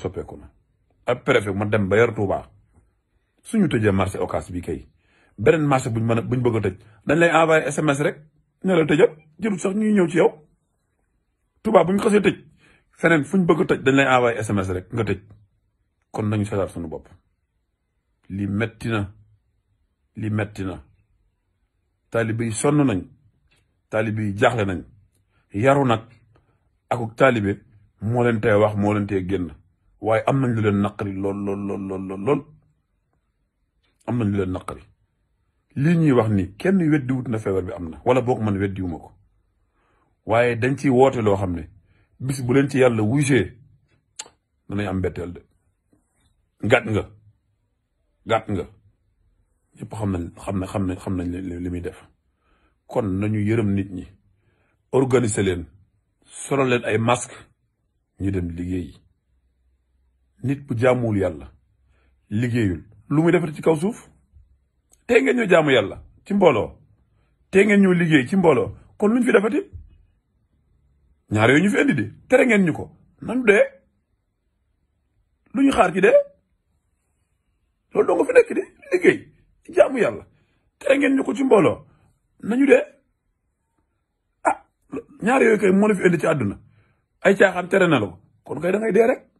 soppeeku na ab préfet ma dem ba yor Touba suñu tëjee marché Ocass bi kay beneen marché buñ mën a buñ bëgg a tëj dañ lay envoyé SMS rek ne la tëjal sax ñuy ñëw ci yow Touba buñ xasee tëj feneen fuñ bëgg a tëj dañ lay envoyé SMS rek nga tëj kon nañu seetaat suñu bopp li metti na li metti na taalibe yi sonn nañ taalibe yi jaaxle nañ yaru nag akuk taalibe moo leen tey wax moo leen tey génn waaye am nañ lu leen naqari lool lool lool lool lool am nañ lu leen naqari lii ñuy wax ni kenn weddiwut na feebar bi am na wala boog man weddiwuma ko waaye dañ ciy woote loo xam ne bis bu leen ci yàlla wuysee danañ am mbetteel de gàtt nga gàtt nga ñëpp xam na xam na xam nañ xam nañ li muy def kon nañu yërëm nit ñi organiser leen solo leen ay masque ñu dem liggéey nit bu jaamuwul yàlla liggéeyul lu muy defar ci kaw suuf tey ngeen ñoo jaamu yàlla ci mbooloo tey ngeen ñoo liggéey ci mbooloo kon luñ fi defati ñaar yooyu ñu fi indi di tere ngeen ñu ko nan dee lu ñu xaar ci de loolu doo fi nekk di liggéey jaamu yàlla tere ngeen ñu ko ci mbooloo nañu dee ah ñaar yooyu kay moo fi indi ci àdduna ay caaxaan tere na la kon kay dangay ngay dee rek.